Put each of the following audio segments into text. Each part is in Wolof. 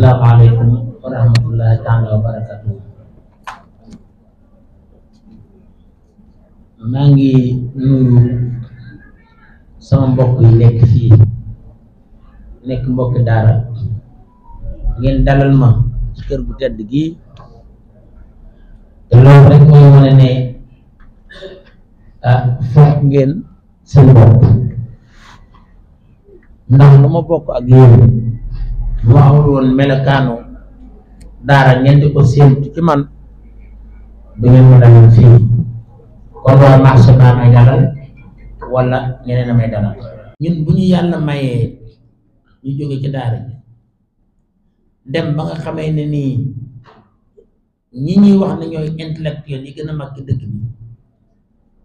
asalaamaaleykum wa rahmatullahi taala wa barakatuhu maa ngi nuyu sama mbokk nekk fii nekk mbokk daara ngeen dalal ma kër gu tedd gi te loolu rek mooy wane ne ah foog ngeen seen ndax lu ma bokk ak yéen mu ma melokaanoo woon melokaanu daara ngeen di ko séentu ci man du ngeen ma dalal fii kon loolu marché baa bu ñu yàlla mayee ñu jóge ci daara ji dem ba nga xamee ne nii ñi ñuy wax ne ñooy yi gën a mag ci dëkk bi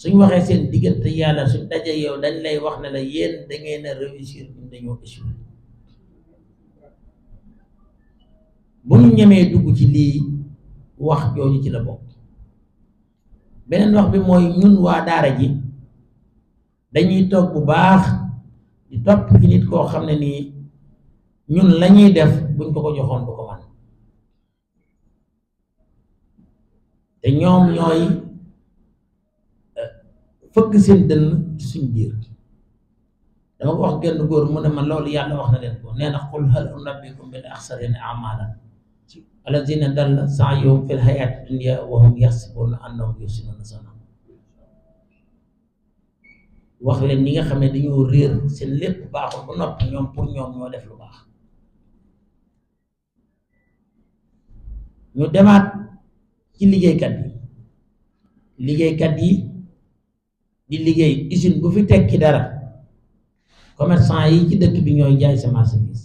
suñ waxee seen diggante yàlla suñ daje yow dañ lay wax ne la yéen da ngeen a réussir ñun dañoo échoué bu ñu ñemee dugg ci lii wax jooju ci la bokk beneen wax bi mooy ñun waa daara ji dañuy toog bu baax di topp ci nit koo xam ne nii ñun lañuy def buñ ko ko joxoon bu ko man te ñoom ñooy eh, fëgg seen dënn suñ biir dama ko wax genn góor mu ne ma loolu yàlla wax na leen ko nee na qul hal unabbiukum bil axsarina amalan alladina dalla saayuhum fi lxayaati dunia wa hum yaxsibuuna annahum yusinuuna sana wax leen ñi nga xam ne dañoo réer seen lépp baaxul ba noppi ñoom pour ñoom ñoo def lu baax ñu demaat ci liggéeykat yi liggéeykat yi di liggéey usine bu fi tekki dara commerçant yi ci dëkk bi ñooy jaay semence service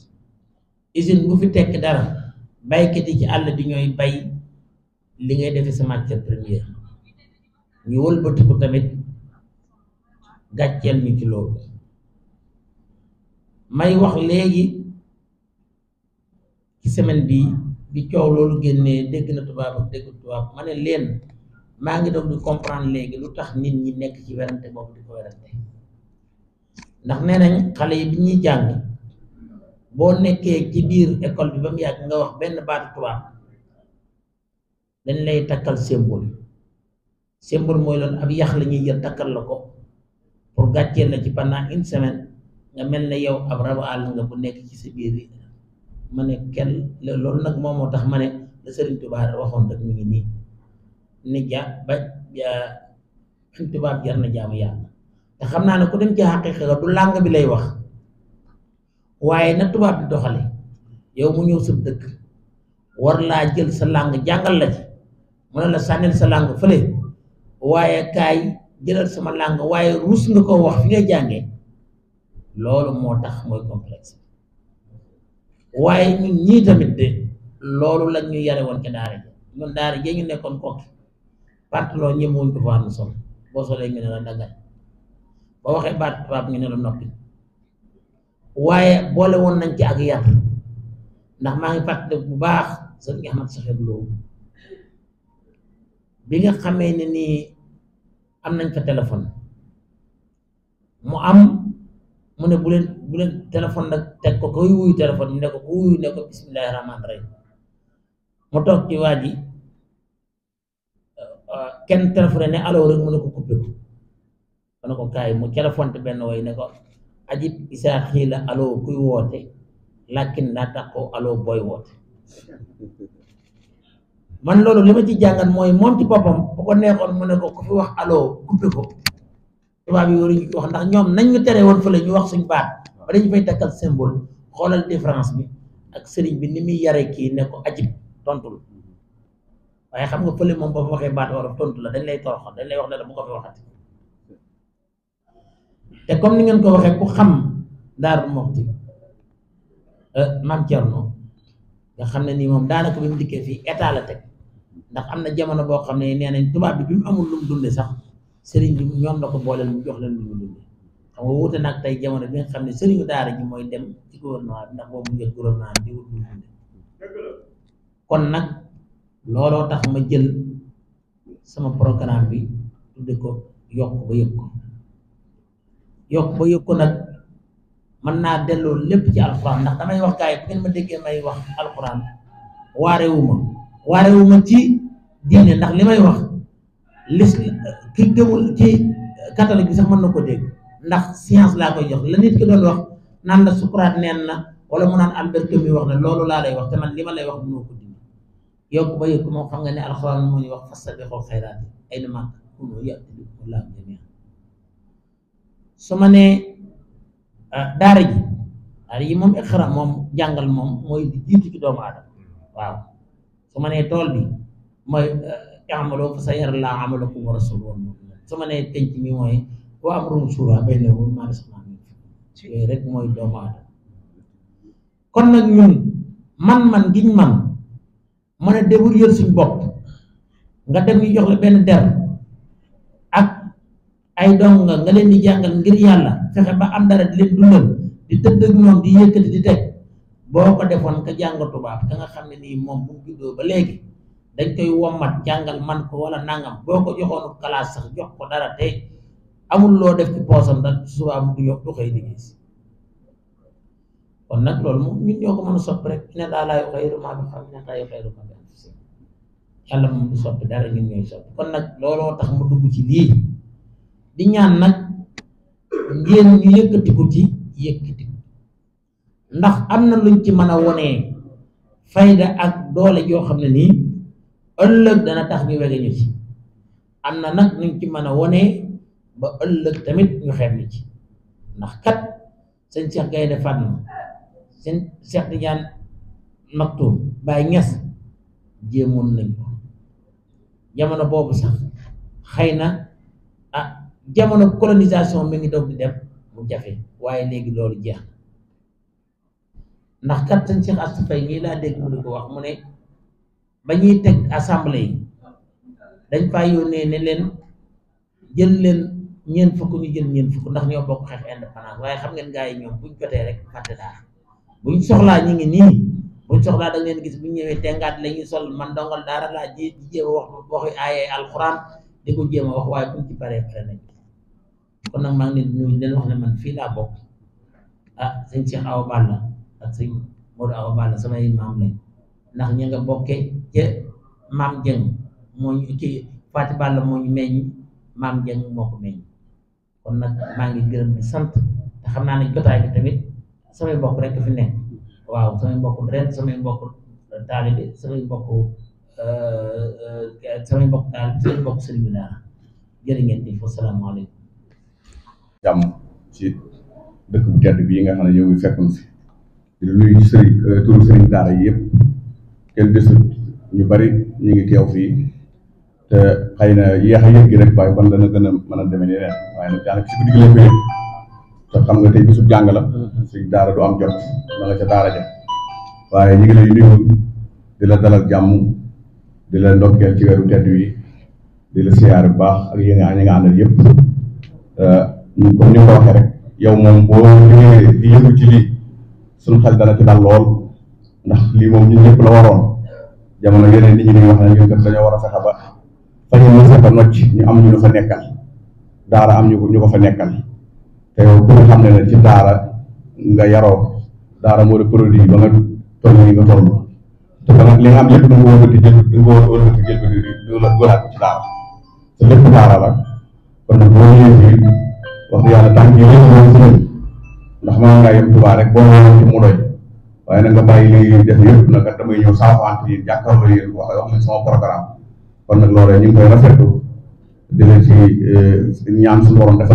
usine bu fi tekki dara baykat yi ci àll di ñooy bay li ngay defe sa matière première ñu wëlbatiku tamit gàcceel ñu ci loolu may wax léegi ci semaine bi bi coow loolu génnee dégg na tubaab ak dégg tubaab ma ne leen maa ngi doog di comprendre léegi lu tax nit ñi nekk ci werante boobu di ko werante ndax nee nañ xale yi bi ñuy jàng boo nekkee ci biir école bi ba mu yàgg nga wax benn baatu tubaab dañ lay takkal symbole symbole mooy loon ab yax lañuy ñuy jël takkal la ko pour gàcceel la ci pendant une semaine nga mel ne yow ab rabu àll nga bu nekk ci si biir yi ma ne kenn loolu nag moom moo tax ma ne la Sëriñ waxoon rek mi ngi nii ni ja ba bañ na jaamu yàlla xam naa ne ku dem ci xaqiiqa du làng bi lay wax waaye na tubaab bi doxale yow mu ñëw sa dëkk war laa jël sa làng jàngal la ci mu ne la sànnil sa làng fële waaye kaay jëlal sama làng waaye ruus nga ko wax fi nga jàngee loolu moo tax mooy complexe waaye ñun ñii tamit de loolu lañ ñu yare woon ca daara ji ñun daara ji ñu nekkoon kokki pantalon ñëpp wuñ ko fa am sol boo solee ñu ne la dagal boo waxee baat tubaab ñu ne la noppi waaye boole woon nañ ci ak yar ndax maa ngi fàtte bu baax sëriñ Ahmad Saxir Lo bi nga xamee ne nii am nañ fa téléphone mu am mu ne bu leen bu leen téléphone nag teg ko koy wuyu téléphone ne ko ku wuyu ne ko bismillahi rahmaani rahim mu toog ci waa ji euh, euh, kenn téléphone ne allo rek mu ne ko coupé mu ne ko kaay mu téléphone te benn way ne ko ajib isaa xiila aloo kuy woote làkkin naa tàqoo aloo booy woote man loolu li ma ci jàngat mooy moom ci boppam bu ko neexoon mu ne ko ku fi wax aloo kubbi ko tubaab yi waruñu wax ndax ñoom nañ ñu tere woon fële ñu wax suñ baat ba dañu fay takkal symbole xoolal différence bi ak sëriñ bi ni muy yare kii ne ko ajib tontul waaye xam nga fële moom boo fa waxee baat war a tontu la dañ lay toroxal dañ lay wax ne la bu ko te comme ni ngeen ko waxee ku xam Daaru Muxti eh, Maam Cerno nga xam ne nii moom daanaka bi mu dikkee fii état la teg ndax am na jamono boo xam ne nee nañ tubaab bi bi mu amul lu mu sax sëriñ bi ñoom la ko booleel mu jox leen lu mu dunde xam nga wuute nag jamono bi nga xam ne sëriñu daara ji mooy dem ci gouvernement bi ndax boobu mu njëkk gouvernement bi wut lu mu kon nag looloo tax ma jël sama programme bi tudde ko yokk ba yëg ko yokk ba yokk ko nag mën naa delloo lépp ci alquran ndax damay wax gars yi bu ngeen ma déggee may wax alquran waarewuma waarewuma ci diine ndax li may wax lis ki gëmul ci catholique bi sax mën na ko dégg ndax science laa koy jox la nit ki doon wax naan la Socrate neen na wala mu naan Albert Camus wax na loolu laa lay wax te man li ma lay wax mënoo ko dindi yokk ba yokk moom xam nga ne alxuraan moo ñu wax fastabiqul xayraat aynamaa takuunu ya'ti bikumul laahu jamii'an su ma nee ah, daara ji daara ji moom iqra moom jàngal moom mooy di jiitu ci waaw su ma nee tool bi mooy amaloo eh, fa sa yar laa amalakum wa rasuluhu su ma nee penc mi mooy wa amruhum shura baynahum maa rek mooy doomu kon nag ñun man-man giñ man mën a débrouiller suñ bopp nga dem ñu jox benn der ay dong nga leen di jàngal ngir yàlla fexe ba am dara di leen dundal di tëdd ak ñoom di yëkkati di teg boo ko defoon ka jàng tubaab ka nga xam ne nii moom bu juddoo ba léegi dañ koy wommat jàngal man ko wala nangam boo ko joxoonu classe sax jox ko dara te amul loo def ci poosam da subaa mu du yokk du xëy di gis kon nag loolu moom ñun ñoo ko mën a soppi rek ina daa laa yuxayyiru maa bi qawmin hattaa yuxayyiru maa bi anfusihim yàlla moom du soppi dara ñun ñooy soppi kon nag looloo tax mu dugg ci lii di ñaan nag ngeen ñu yëkkatiku ci yëkkatiku ndax am na luñ ci mën a wonee fayda ak doole joo xam ne nii ëllëg dana tax ñu wege ñu ci am na nag luñ ci mën a wonee ba ëllëg tamit ñu xeeb ñu ci ndax kat sëñ Cheikh Gaynde Fatma sëñ Cheikh Tidiane Maktoum Baye Niass jéemoon nañ ko jamono boobu sax xëy na jamono colonisation mi ngi doog di dem mu jafe waaye léegi loolu jeex ndax kattan Cheikh Astou Faye ñii laa dégg mu di ko wax mu ne ba ñuy teg assemblée yi dañ faa yónnee ne leen jël leen ñeent fukk ñu jël ñeent fukk ndax ñoo bokk xeex indépendance waaye xam ngeen gars yi ñoom buñ jotee rek fàtte daal buñ soxlaa ñu ngi nii buñ soxlaa da ngeen gis buñ ñëwee tengaat la ñuy sol man dongal daara laa ji di jéem a wax waxi aayee alxuraan di ko jéem a wax ci paree kon nag maa ngi leen leen wax ne man fii laa bokk ah sëñ Cheikh Awa Balla ak sëñ Modou Awa Balla samay maam lañ ndax ña nga bokkee ca maam Dieng moo ñu kii Faati Balla moo meñ meññ maam Dieng moo ko kon nag maa ngi gërëm di sant te xam naa ne jotaay bi tamit samay bokk rek fi nekk waaw samay mbokk ren samay mbokk taalibe samay mbokk euh, euh, samay mbokk taalibe samay mbokk sëriñ bi daal jërë ngeen di fa salaamaaleykum jàmm ci dëkk bu tedd bii nga xam ne ñoo ngi fekkoon fi di nuyu sëriñ euh, turu sëriñ daara yi yëpp kenn desut ñu bari ñu ngi teew fii te xay na yéex a yëg gi rek waaye ban dana gën a mën a demee neneen waaye nag daanaka ci guddi gi lañ te xam nga tey bisub jàng la daara du am jot ma ca daara ja waaye ñu ngi lay nuyu di la dalal jàmm di la ndokkeel ci weeru tedd wi di la siyaar bu baax ak yéen ñi nga àndal ñu comme ni nga ko rek yow moom boo ñëwee di yëngu ci lii suñu xel dana ci dal lool lii moom ñun ñëpp la waroon jamono yeneen nit ñi dañuy wax ne ñun kat dañoo war a fexe ba fa ñu mën fa nocc ñu am ñu la fa nekkal daara am ñu ko ñu ko fa nekkal te yow ku xam ne ne ci daara nga yaroo daara moo di produit ba nga toll nii nga toll te ba nag li nga am lépp da nga wóor di jël da nga wóor di jël di la góoraat ko ci daara te lépp daara la kon nag boo wax yàlla tànk yi rek moom suñu ndax maa ngaa yem Tuubaa rek boo ñëwee ci mu doy waaye nag nga bàyyi li ngeen def yëpp nag kat damay ñëw saafante yi jàkkaarloo yéen wax eh,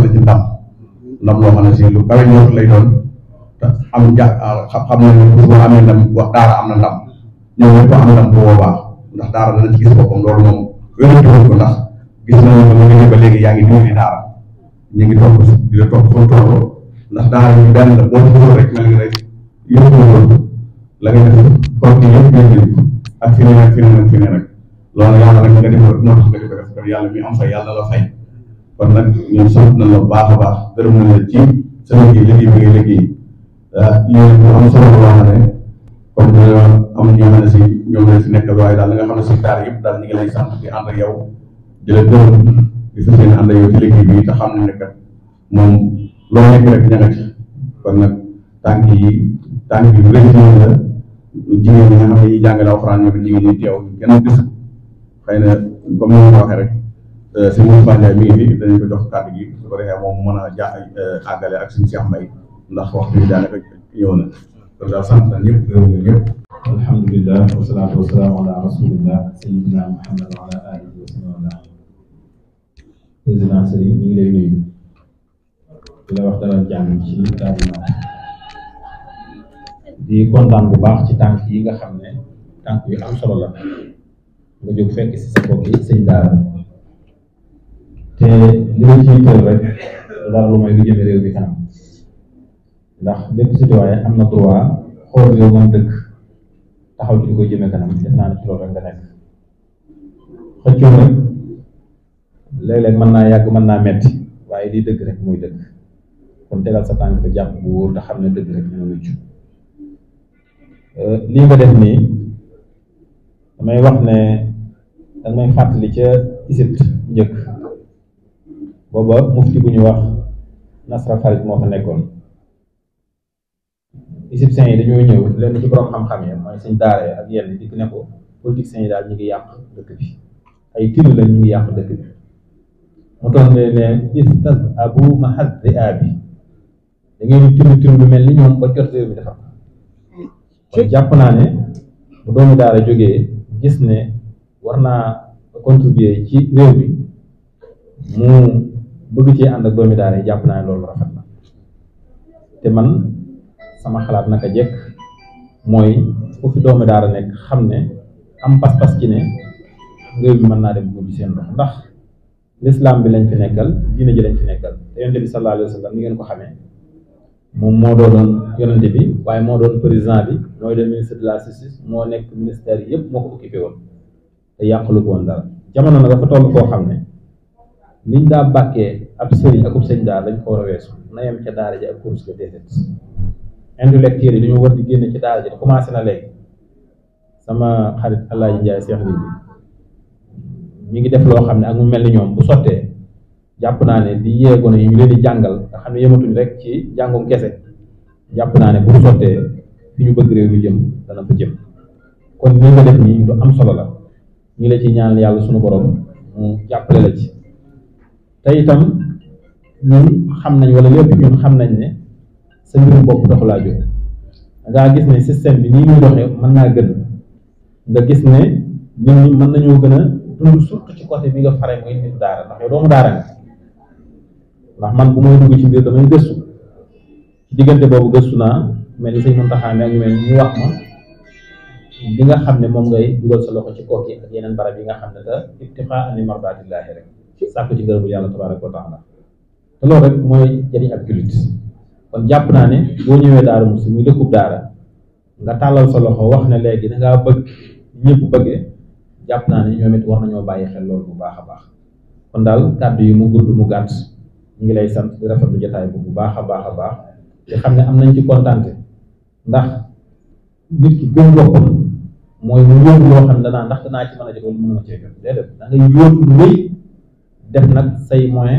la ci ndam ndam loo xam ne si am ja moom ndax gis nañu ko mu ngi ba léegi yaa ngi dimbali daara ñu ngi topp di la topp foofu tolloo ndax daara ñu benn la boo ci rek mel rek yóbbu nga def kooku yëpp yëpp ak feneen ak feneen ak feneen rek loolu nag baax a baax gërëm nañ la ci sa liggéey liggéey bi nga liggéey ah, yéen ñu am solo loo xam ne comme ñu am ñoo si ñoom lañ si nekk waaye daal li nga xam ne si taar yëpp daal ñu ngi lay sant di ànd ak yow di di fas yéene ànd ak yow ci ne ne moom loo nekk rek ña kon nag tànk yi tànk jigéen ñi ne ñuy jàngale alxuraan ñoo ko jigéen ñi teew gën a gis xëy na comme ni ma ko waxee rek euh, sëñ Moussa Ndiaye mi fi dañu ko jox kàddu gi su ko defee euh, ak suñu Cheikh Mbaye ndax waxtu bi daanaka ñëw na kon daal sant nañ ñëpp gërëm ñëpp alhamdulilah wasalaatu wasalaamu ala rasulillah sayyidina Muhammad wa ala alihi président Serigne ñu ngi lay nuyu di wax dalal jàmm ci Darou bu baax ci tànk yi nga xam ne tànk yu am solo la nga jóg fekk si sa bopp yi sëñ daara te li ma ciy tël rek dara lu may lu jëme réew bi kanam ndax bépp citoyen am na droit xool réew man dëkk taxaw ci di ko jëme kanam def naa ne ci léeg-léeg mën naa yàgg mën naa metti waaye lii dëgg rek muy dëgg kon tegal sa tànk te jàpp bu wóor te xam ne dëgg rek ñu wëcc euh, lii nga def nii damay wax ne damay li ca Égypte njëkk booba mufti bu ñu wax Nasra Farid moo fa nekkoon égyptiens yi dañoo ñëw leen ci borom xam-xam yi mooy suñ daara ak yenn dikk ne ko politiciens yi daal ñu ngi yàq dëkk bi ay tilu la ñu ngi yàq dëkk bi mu toog ne ne istas abu mahaddi abi da ngeen di turu lu mel ni ñoom ba jot réew mi defar kon jàpp naa ne bu daal daara jógee gis ne war naa contribuer ci réew mi mu bëgg ci ànd ak doomi daara yi jàpp naa ne loolu rafet na te man sama xalaat naka jekk mooy foofu fi doomi daara nekk xam ne am pas-pas ci ne réew mi mën naa dem bu seen dox ndax lislaam bi lañ fi nekkal diina ji lañ fi nekkal te yonente bi ni ngeen ko xamee moom moo doonoon yonente bi waaye moo doon président bi mooy doon ministre de la moo nekk ministère yëpp moo ko occupé woon te yàqulu ko woon dara jamono nag dafa toll koo xam ne niñ daa bàkkee ab sëriñ akub sëñ daal dañ ko war a weesu na yem ca daara ji ak course ga déedéet intellectuels yi dañoo war di génne ci daara commencé na léegi sama xarit Alaaji Njaay Seex bi ñu ngi def loo xam ne ak mu mel ni ñoom bu sottee jàpp naa ne di yeegone yi ñu leen di jàngal nga xam ne yematuñ rek ci jàngum kese jàpp naa ne bu sottee fi ñu bëgg réew mi jëm dana fa jëm kon ni def nii lu am solo la ñu la ci ñaan yàlla suñu borom mu jàppale la ci te itam ñun xam nañ wala lépp ñun xam nañ ne sa mbirum bopp dox laa jóg dangaa gis ne système bi nii muy doxee mën naa gën nga gis ne nit ñi mën nañoo gën a dund surtout ci côté bi nga fare mooy nit daara ndax man bu may dugg ci mbir damay gëstu ci diggante boobu gëstu naa mel ni sëñ Muntaxa mi ak ñu mel ñu wax ma li nga xam ne moom ngay dugal sa loxo ci kook yi ak yeneen barab yi nga xam ne te ibtiqaa ani mardaatillaahi rek ci ngërëmul yàlla tabaaraka wa taala te rek mooy jëriñ ab jullit kon jàpp naa ne boo ñëwee daara musi muy dëkkub daara nga tàllal sa loxo wax ne léegi dangaa bëgg ñëpp bëggee jàpp naa ne ñoom it war nañoo bàyyi xel loolu bu baax a baax kon daal kàddu yi mu gudd mu gàtt ñu ngi lay sant di rafetlu jotaay bu bu baax a baax a baax te xam ne am nañ ci kontaante ndax nit ki gëm boppam mooy mu yóob loo xam ne danaa ndax danaa ci mën a jot wala mën na cee jot déedéet def nag say moyen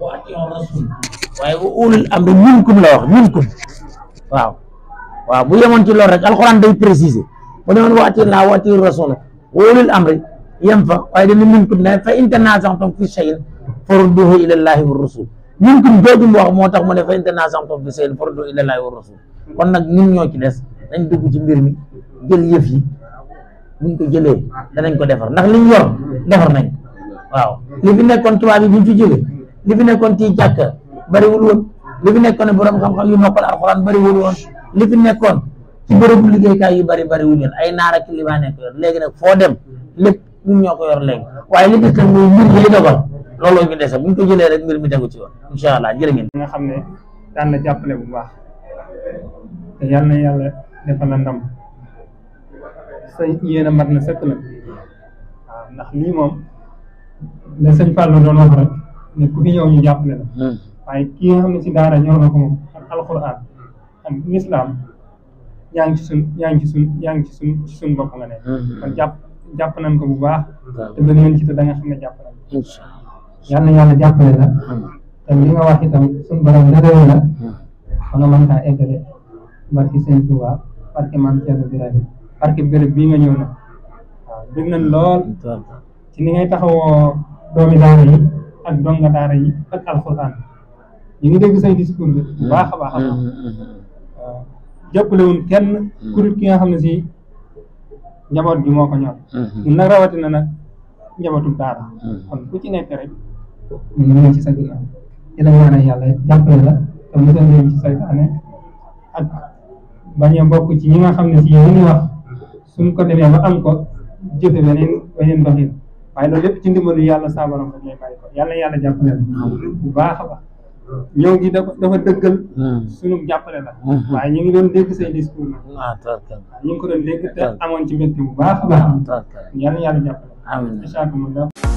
wa atiyon rasul waaye wa ulul amri minkum la wax minkum waaw waaw bu yemoon ci loolu rek alxuraan day préciser bu ne woon wa atiyon laa wa atiyon rasul wa ulul amri yem fa waaye dana minkum ne fa in tanaazatum fi shay'in farudduhu ila llahi wa rasul minkum jooju mu wax moo tax mu ne fa in tanaazatum fi shay'in farudduhu ila llahi wa rasul kon nag ñun ñoo ci des nañ dugg ci mbir mi jël yëf yi buñ ko jëlee danañ ko defar ndax liñ yor defar nañ waaw li fi nekkoon tubaab yi buñ fi jëlee li fi nekkoon ci jàkka bëriwul woon li nekkoon borom xam-xam yu mokkal alxuraan bëriwul woon li fi nekkoon ci bërëbu liggéeykaay yu bëri bëriwul woon ay naara ci li ma nekk foo dem lépp ñun ñoo ko yor léegi waaye li des nag mooy ko jëlee rek mbir mi tegu ci yoon incha allah jërë ngeen. nga xam ne daan na jàppale bu baax te yal na yàlla defal na ndam sa yéen a mat na sëkk nag ndax lii moom la sëñ Fallou doon wax rek. ne ku fi ñëw ñu jàppale la. Hmm. waaye ki nga xam ne si na ko moom ak alxuraan ak lislaam yaa ci suñ yaa ci suñ bopp nga ne. Hmm. kon jàpp jàpp nañ ko bu baax. te ba ñu ci te da xam ne jàpp nañ ko. yal na yàlla jàppale la. Hmm. te li nga wax itam suñ borom dëgëral la. ba nga mën kaa eggale barki Sëñ Tuubaa barki Maam Cerno Birahim barki béréb bii nga ñëw na waaw dégg lool. ci ni ngay taxawoo doomi daara yi. ak daara yi ak alxuraan ñu ngi dégg say discours bi bu baax a baax a baax mm-hmm. waaw kenn kuréel ki nga xam ne si njaboot gi moo ko ñor mm-hmm. ñun nag rawatina nag njabootu daara mm-hmm. kon ku nekk rek ñu ngi ci sa ginnaaw di la ñaanal yàlla nga xam ne wax suñ ko defee ba am ko jëfe beneen beneen doxin waaye loolu lépp ci ndimbalu yàlla saa borom rek lay bàyyi ko yàlla yàlla jàppale la bu baax a baax gi dafa dafa dëggal hmm. suñu jàppale la hmm. waaye ñu ngi doon dégg say discours nag ah, ñu ngi ko doon dégg te amoon ci mbégte bu baax a baax yàlla yàlla jàppale incha allah